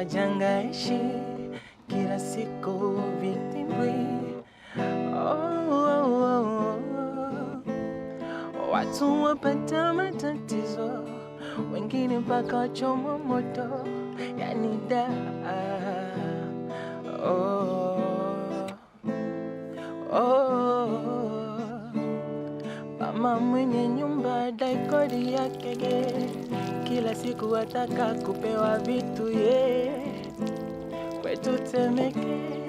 wajanga ishi kila siku vitimbwi. Oh, oh, oh, oh, oh. Watu wapata matatizo, wengine mpaka wachoma moto, yani da oh, oh, oh, oh. mama mwenye nyumba rekodi yake, kila siku wataka kupewa vitu ye kwetu Temeke,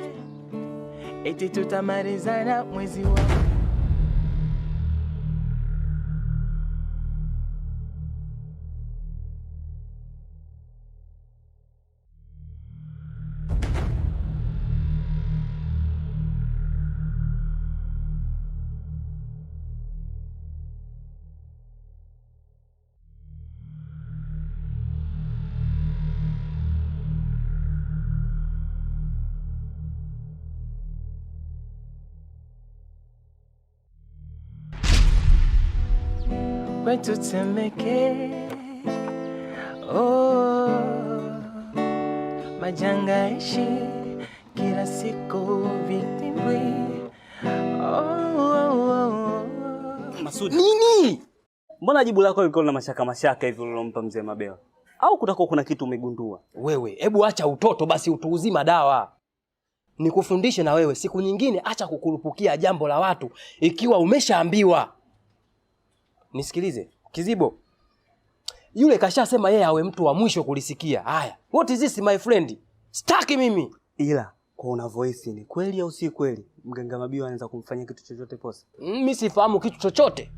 eti tutamalizana mwezi wa kwetu Temeke. Oh, majanga ishi kila siku vitimbwi. Oh, oh, oh, oh. Masudi. Nini? Mbona jibu lako liko na mashaka mashaka hivi ulilompa mzee Mabewa? Au kutakuwa kuna kitu umegundua? Wewe, hebu acha utoto basi utuuzi dawa. Nikufundishe na wewe siku nyingine acha kukurupukia jambo la watu ikiwa umeshaambiwa nisikilize Kizibo, yule kashasema yeye awe mtu wa mwisho kulisikia. Haya, what is this my friend, staki mimi. Ila kwa una voice ni kweli au si kweli, mganga Mabio anaweza kumfanyia kitu chochote Posa? Mimi mm, sifahamu kitu chochote,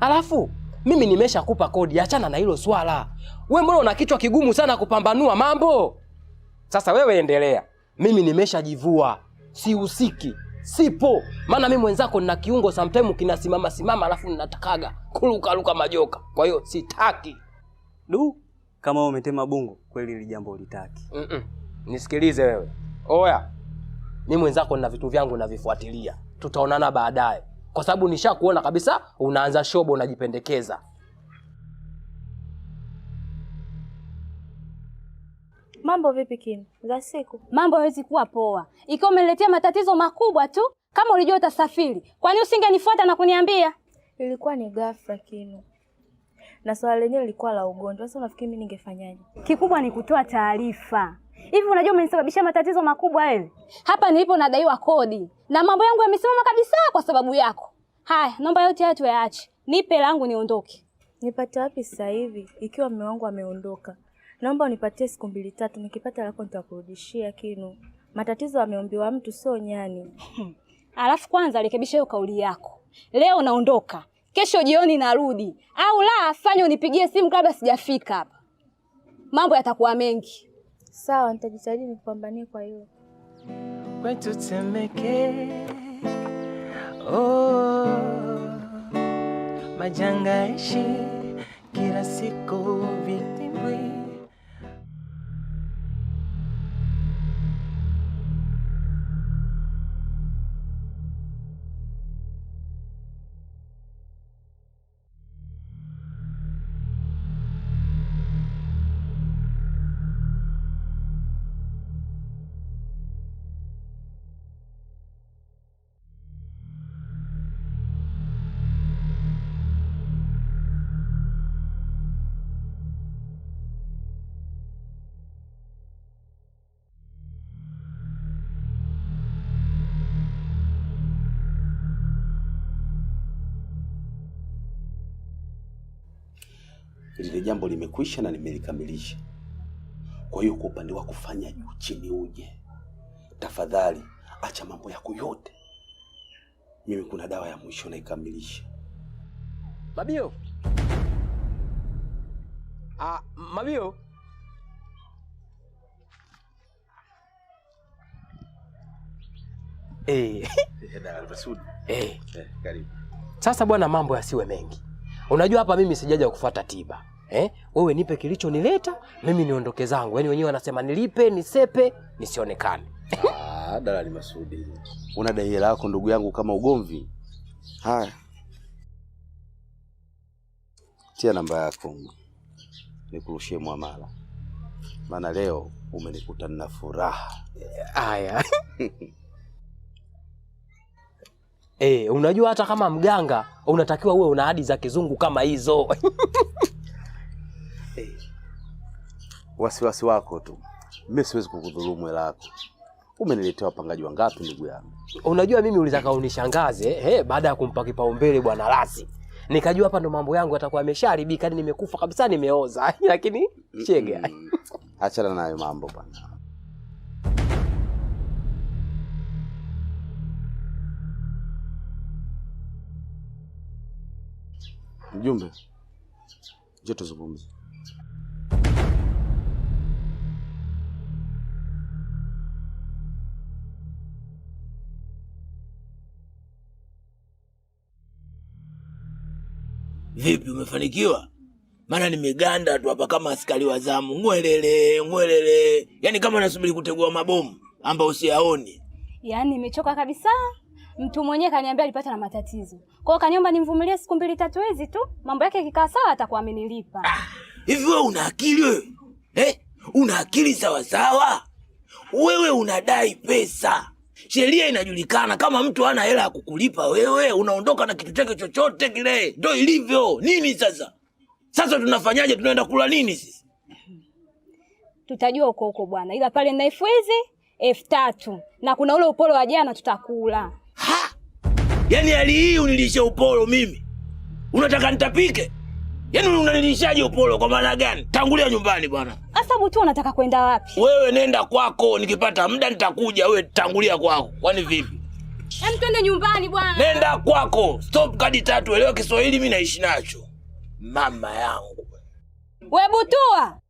alafu mimi nimeshakupa kodi, achana na hilo swala. Wewe mbona una kichwa kigumu sana kupambanua mambo? Sasa wewe endelea, mimi nimeshajivua, usiki sipo. Maana mimi mwenzako nina kiungo sometime kinasimama simama, alafu ninatakaga kuruka ruka majoka, kwa hiyo sitaki. Du, kama wewe umetema bungu kweli, ili jambo ulitaki. mm -mm. Nisikilize wewe, oya, mimi mwenzako nina vitu vyangu navifuatilia, tutaonana baadaye, kwa sababu nishakuona kabisa unaanza shobo, unajipendekeza. Mambo vipi Kim? Za siku. Mambo hawezi kuwa poa. Ikiwa umeniletea matatizo makubwa tu, kama ulijua utasafiri, kwa nini usingenifuata na kuniambia? Ilikuwa ni ghafla Kinu, na swala lenyewe lilikuwa la ugonjwa. Sasa unafikiri mimi ningefanyaje? Kikubwa ni kutoa taarifa. Hivi unajua umenisababishia matatizo makubwa wewe. Hapa nilipo nadaiwa kodi na mambo yangu yamesimama kabisa kwa sababu yako. Haya, naomba yote haya tuyaache, nipe langu niondoke. Nipate wapi sasa hivi ikiwa mume wangu ameondoka? naomba unipatie siku mbili tatu, nikipata lako nitakurudishia. Kinu, matatizo ameombiwa mtu, sio nyani. Hmm. Alafu kwanza rekebisha hiyo kauli yako, leo naondoka, kesho jioni narudi, au la afanye unipigie simu kabla sijafika hapa. Mambo yatakuwa mengi. Sawa, nitajitahidi nikupambanie kwa hiyo Kwetu Temeke, oh, majanga ishi kila siku vitimbwi lile jambo limekwisha na nimelikamilisha. Kwa hiyo kwa upande wako fanya juu chini uje, tafadhali acha mambo yako yote. Mimi kuna dawa ya mwisho naikamilisha. Mabio, ah, Mabio eh. Eh. eh Sasa bwana, mambo yasiwe mengi. Unajua hapa mimi sijaja kufuata tiba eh? Wewe nipe kilichonileta mimi niondoke zangu, yaani wenyewe wanasema nilipe, nisepe, nisionekane. Ah, dalali Masudi, una dai lako ndugu yangu, kama ugomvi. Haya, tia namba yako nikurushie mwamala, maana leo umenikuta na furaha. Haya. Eh, unajua hata kama mganga unatakiwa uwe una ahadi za kizungu kama hizo wasiwasi wako tu, mimi siwezi kukudhulumu hela yako. Umeniletea wapangaji wangapi ndugu yangu? Unajua mimi ulitaka unishangaze eh, baada ya kumpa kipaumbele bwana Lazi nikajua hapa ndo mambo yangu atakuwa ameshaharibika, yaani nimekufa kabisa, nimeoza lakini chega mm Achana nayo mambo bwana. Mjumbe, njoo tuzungumze. Vipi, umefanikiwa? Maana nimeganda tu hapa kama askari wa zamu, ngwelele ngwelele, yaani kama nasubiri kutegua mabomu ambayo siyaoni. Yaani nimechoka kabisa. Mtu mwenyewe kaniambia alipata na matatizo, kwa hiyo kaniomba nimvumilie siku mbili tatu hizi tu, mambo yake kikaa sawa, atakuwa amenilipa. Ah, hivi ah, wewe una akili wewe eh? una akili sawasawa? Wewe unadai pesa Sheria inajulikana, kama mtu ana hela ya kukulipa wewe, unaondoka na kitu chake chochote kile. ndo ilivyo. Nini sasa? Sasa tunafanyaje? Tunaenda kula nini sisi? Tutajua huko huko bwana, ila pale naifu hizi elfu tatu na kuna ule upolo wa jana tutakula. Ha! Yaani hali hii unilishe upolo mimi, unataka nitapike? Yaani unanilishaje upolo kwa maana gani? Tangulia nyumbani bwana. Asabu mtu anataka kwenda wapi? Wewe nenda kwako, nikipata muda nitakuja. Wewe tangulia kwako. Kwani vipi? Hem, twende nyumbani bwana. Nenda kwako. Stop kadi tatu. Elewa Kiswahili mimi naishi nacho. Mama yangu. Wewe butua.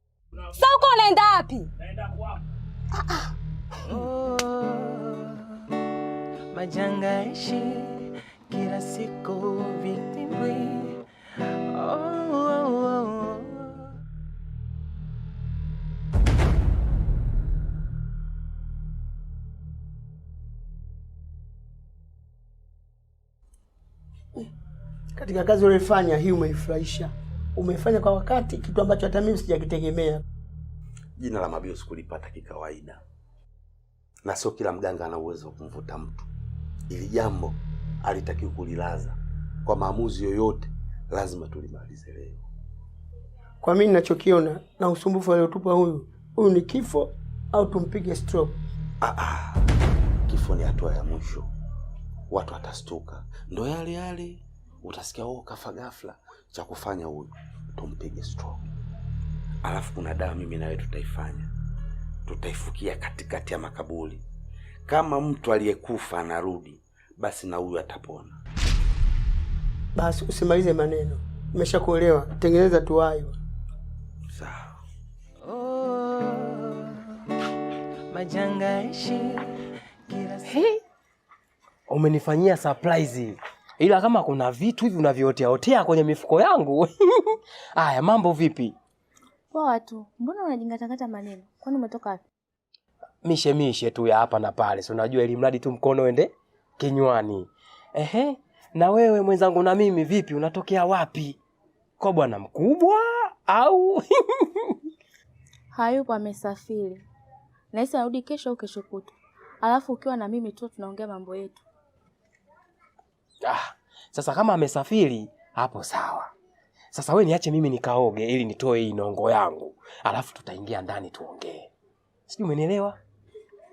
Sasa uko unaenda wapi? Naenda kwako. Ah, ah. Oh, majanga ishi kila siku vitimbwi. Katika kazi uliyofanya hii umeifurahisha, umefanya kwa wakati, kitu ambacho hata mimi sijakitegemea. Jina la Mabio sikulipata kikawaida, na sio kila mganga ana uwezo wa kumvuta mtu. Ili jambo alitakiwa kulilaza kwa maamuzi yoyote lazima tulimalize leo. Kwa mimi ninachokiona na usumbufu aliotupa huyu huyu, ni kifo au tumpige stroke? Ah, ah. Kifo ni hatua ya mwisho, watu watastuka, ndo yale yale utasikia wao oh, kafa ghafla. Cha kufanya huyu tumpige stroke, alafu kuna dawa mimi nawe tutaifanya, tutaifukia katikati ya makaburi. Kama mtu aliyekufa anarudi, basi na huyu atapona. Basi usimalize maneno, nimeshakuelewa. Tengeneza tuwayo. Sawa. Oh, hey, umenifanyia surprise, ila kama kuna vitu hivi unavyotea otea kwenye mifuko yangu aya mambo vipi? Poa tu. Mbona unajingatakata maneno, kwani umetoka wapi? Mishe mishe tu ya hapa na pale, si unajua, ili mradi tu mkono ende kinywani. Ehe, na wewe mwenzangu, na mimi vipi, unatokea wapi? Kwa bwana mkubwa au? Hayupo, amesafiri. Nahisi arudi kesho au kesho kutwa, alafu ukiwa na mimi tu tunaongea mambo yetu. Ah, sasa kama amesafiri hapo sawa. Sasa we niache mimi nikaoge ili nitoe hii nongo yangu, alafu tutaingia ndani tuongee. Sijui umenielewa?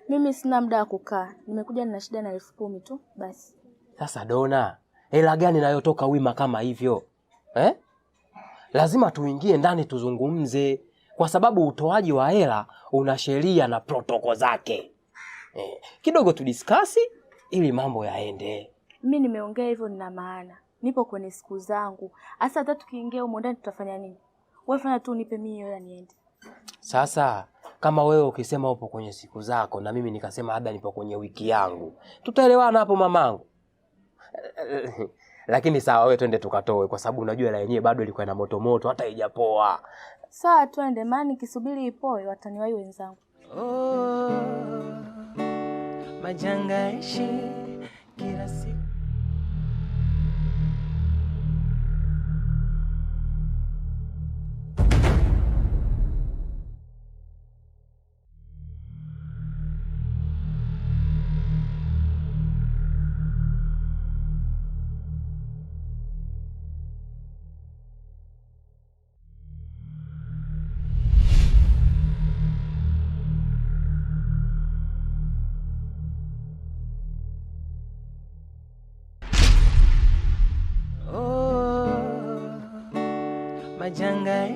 Mimi sina muda wa kukaa, nimekuja nina shida na elfu kumi tu basi. Sasa Dona, hela gani inayotoka wima kama hivyo eh? Lazima tuingie ndani tuzungumze, kwa sababu utoaji wa hela una sheria na protoko zake eh. Kidogo tudiskasi ili mambo yaende. Mimi nimeongea hivyo, nina maana nipo kwenye siku zangu, hasa hata tukiingia humo ndani tutafanya nini? Wewe fanya tu nipe mimi hela niende. Sasa kama wewe ukisema upo kwenye siku zako na mimi nikasema labda nipo kwenye wiki yangu, tutaelewana hapo mamangu. lakini sawa, wewe twende tukatoe, kwa sababu unajua la yenyewe bado ilikuwa na moto moto, hata haijapoa. Sawa, twende, maana nikisubiri ipoe wataniwai wenzangu. Oh, majanga ishi kila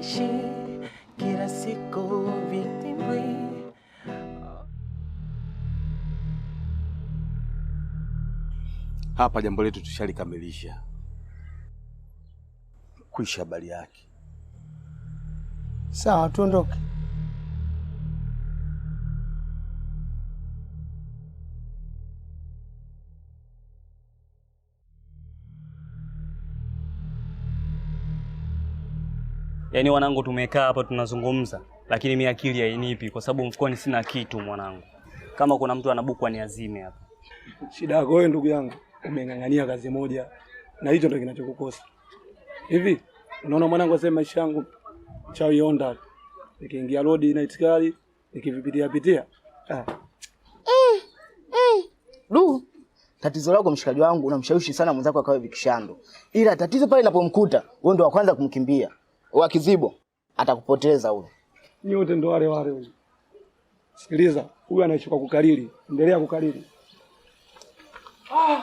ishi kila siku vitimbi hapa jambo letu tushalikamilisha, kuisha habari yake. Sawa, tuondoke. Yaani wanangu, tumekaa hapa tunazungumza, lakini mi akili hainipi kwa sababu mfukoni sina kitu mwanangu. Kama kuna mtu anabukwa ni azime hapa. Shida yako wewe ndugu yangu, umeng'ang'ania kazi moja na hicho ndio kinachokukosa. Hivi unaona mwanangu, asema maisha yangu chawi yonda, nikiingia road na itikali nikivipitia pitia ah. Mm, mm. Du, tatizo lako mshikaji wangu, unamshawishi sana mwenzako akawe vikishando, ila tatizo pale linapomkuta wewe ndio wa kwanza kumkimbia wa kizibo atakupoteza huyo. Nyote ndo wale wale huyo. Sikiliza, huyu anaishi kwa kukariri. Endelea kukariri. Ah.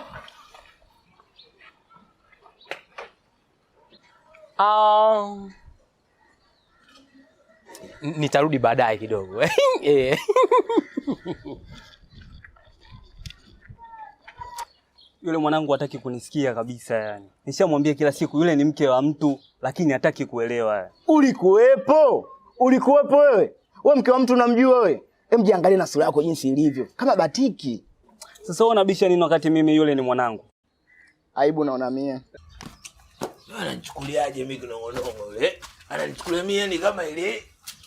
Ah. nitarudi baadaye kidogo. Eh. Yule mwanangu hataki kunisikia kabisa, yani nishamwambia kila siku yule ni mke wa mtu, lakini hataki kuelewa. Yani ulikuwepo, ulikuwepo wewe, we mke wa mtu unamjua wewe? Hem, jiangalie na sura yako jinsi ilivyo, kama batiki. Sasa wewe unabisha nini wakati mimi yule ni mwanangu? Aibu naona Wewe ananichukuliaje mimi kinongonongo yule eh? ananichukulia mimi yani kama ile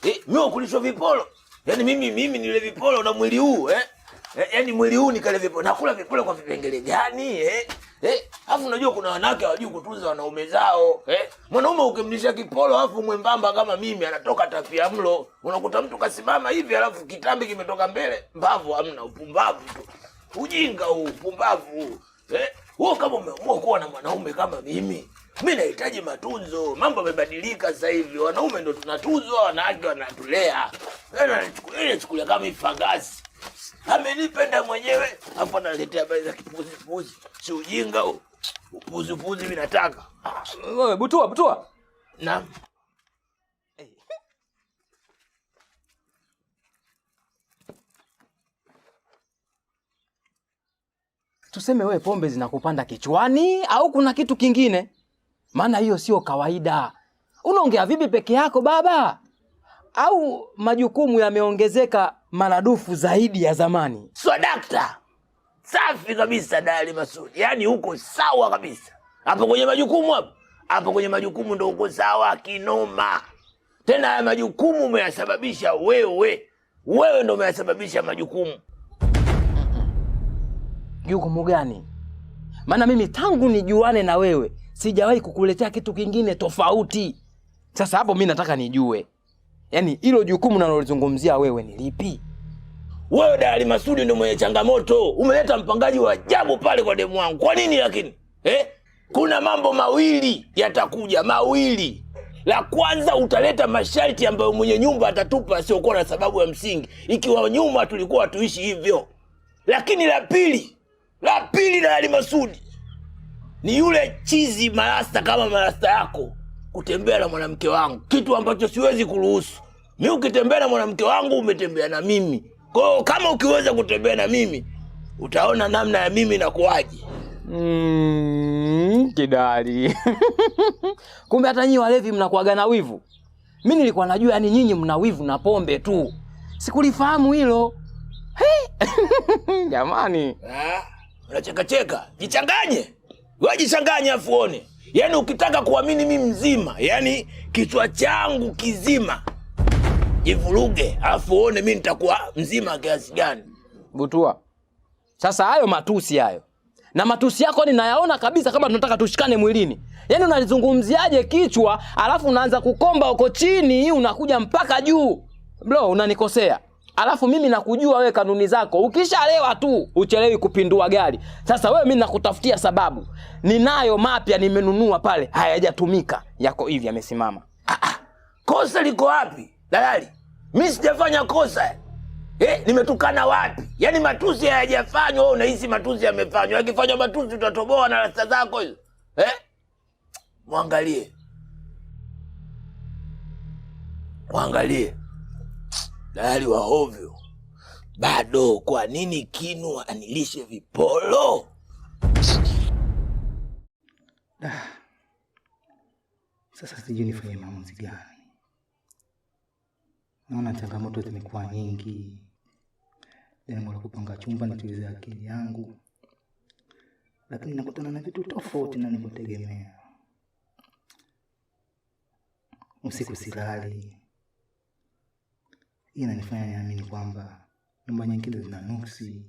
eh, mimi kulishwa vipolo Yaani mimi mimi ni ile vipolo na mwili huu eh Eh, yaani mwili huu nikale vipo. Nakula vyakula kwa vipengele gani? Eh? Eh, Afu unajua kuna wanawake hawajui kutunza wanaume zao. Eh? Mwanaume ukimlisha kipolo afu mwembamba kama mimi anatoka tafia mlo. Unakuta mtu kasimama hivi alafu kitambi kimetoka mbele. Mbavu hamna, upumbavu tu. Ujinga huu, upumbavu huu. Eh? Wewe kama umeamua kuwa na mwanaume kama mimi, mimi nahitaji matunzo. Mambo yamebadilika sasa hivi. Wanaume ndio tunatuzwa, wanawake wanatulea. Wewe yaani unachukulia yaani kama ifagasi. Amenipenda mwenyewe hapo, naletea habari za kipuzipuzi. Si ujinga huu, upuzipuzi vinataka wewe. Butua butua, naam. Tuseme wewe pombe zinakupanda kichwani au kuna kitu kingine? Maana hiyo sio kawaida. Unaongea vipi peke yako baba? au majukumu yameongezeka maradufu zaidi ya zamani? So dakta, safi kabisa Dali Masudi, yaani huko sawa kabisa hapo kwenye majukumu, hapo hapo kwenye majukumu ndo uko sawa kinoma. Tena haya majukumu umeyasababisha wewe, wewe ndo umeyasababisha majukumu. Jukumu gani? Maana mimi tangu nijuane na wewe sijawahi kukuletea kitu kingine tofauti. Sasa hapo mi nataka nijue Yaani hilo jukumu nalolizungumzia wewe ni lipi? Wewe Dalali Masudi ndio mwenye changamoto. Umeleta mpangaji wa ajabu pale kwa demu wangu. Kwa nini lakini? Eh? Kuna mambo mawili yatakuja, mawili. La kwanza utaleta masharti ambayo mwenye nyumba atatupa asiokuwa na sababu ya msingi. Ikiwa nyuma tulikuwa tuishi hivyo. Lakini la pili, la pili Dalali Masudi ni yule chizi marasta kama marasta yako kutembea na mwanamke wangu, kitu ambacho siwezi kuruhusu mi. Ukitembea na mwanamke wangu umetembea na mimi. Kwa hiyo kama ukiweza kutembea na mimi utaona namna ya mimi na Mm, kidali kumbe hata nyinyi walevi mnakuaga na wivu. Mi nilikuwa najua yani nyinyi mna wivu na pombe tu, sikulifahamu hilo jamani. Ah, unachekacheka, jichanganye, wajichanganye afuone Yaani ukitaka kuamini mi mzima, yaani kichwa changu kizima, jivuruge alafu uone mi nitakuwa mzima kiasi gani. Butua, sasa hayo matusi hayo na matusi yako ninayaona kabisa, kama tunataka tushikane mwilini. Yaani unalizungumziaje kichwa alafu unaanza kukomba uko chini, unakuja mpaka juu? Bro, unanikosea alafu mimi nakujua wewe kanuni zako, ukishalewa tu uchelewi kupindua gari. Sasa wewe mimi nakutafutia sababu, ninayo mapya nimenunua pale, hayajatumika yako hivi yamesimama. Ah, ah. Kosa liko wapi dalali? mi sijafanya kosa eh, nimetukana wapi? Yaani matusi hayajafanywa, wewe unahisi matusi yamefanywa? Akifanywa matusi utatoboa na rasta zako hizo eh? Mwangalie, mwangalie tayari wa ovyo bado. Kwa nini kinu anilishe vipolo? Da, sasa sijui nifanye maamuzi gani. Naona changamoto zimekuwa nyingi, lengo la kupanga chumba nitulize akili yangu, lakini nakutana na vitu tofauti na nilivyotegemea. Usiku silali inanifanya niamini kwamba nyumba nyingine zina nuksi.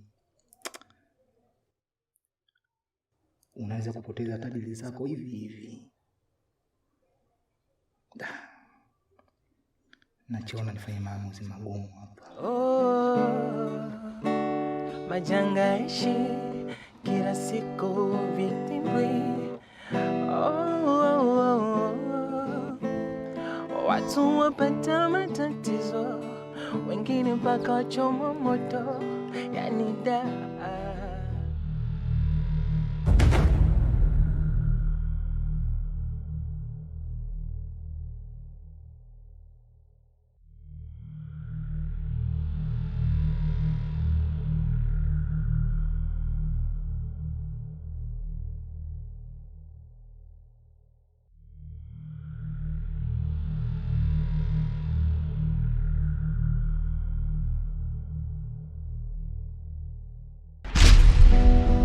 Unaweza kupoteza tajiri zako hivi hivi. Nachoona nifanye maamuzi magumu hapa. Oh, majanga ishi kila siku vitimbwi. Oh, oh, watu wapata matatizo wengine mpaka wachoma moto, yani da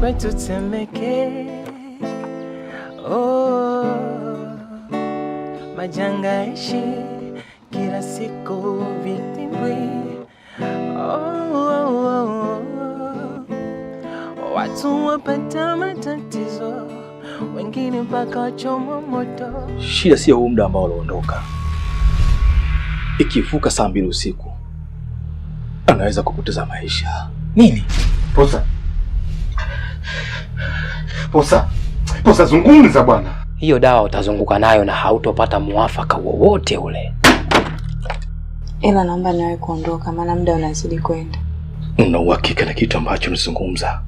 we tutemeke, oh, majanga ishi kila siku vitimbi, oh, oh, oh, oh, watu wapata matatizo, wengine mpaka wachoma moto. Shida sio huu muda ambao aliondoka ikivuka saa mbili usiku anaweza kupoteza maisha. Nini? Posa. Posa, Posa zungumza bwana. Hiyo dawa utazunguka nayo na hautopata muafaka wowote ule, ila naomba nawe kuondoka, maana muda unazidi kwenda. Una uhakika na kitu ambacho unazungumza?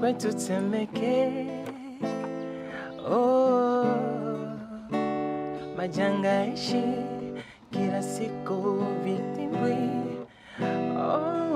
Kwetu Temeke, oh, majanga ishi kila siku vitimbwi Oh.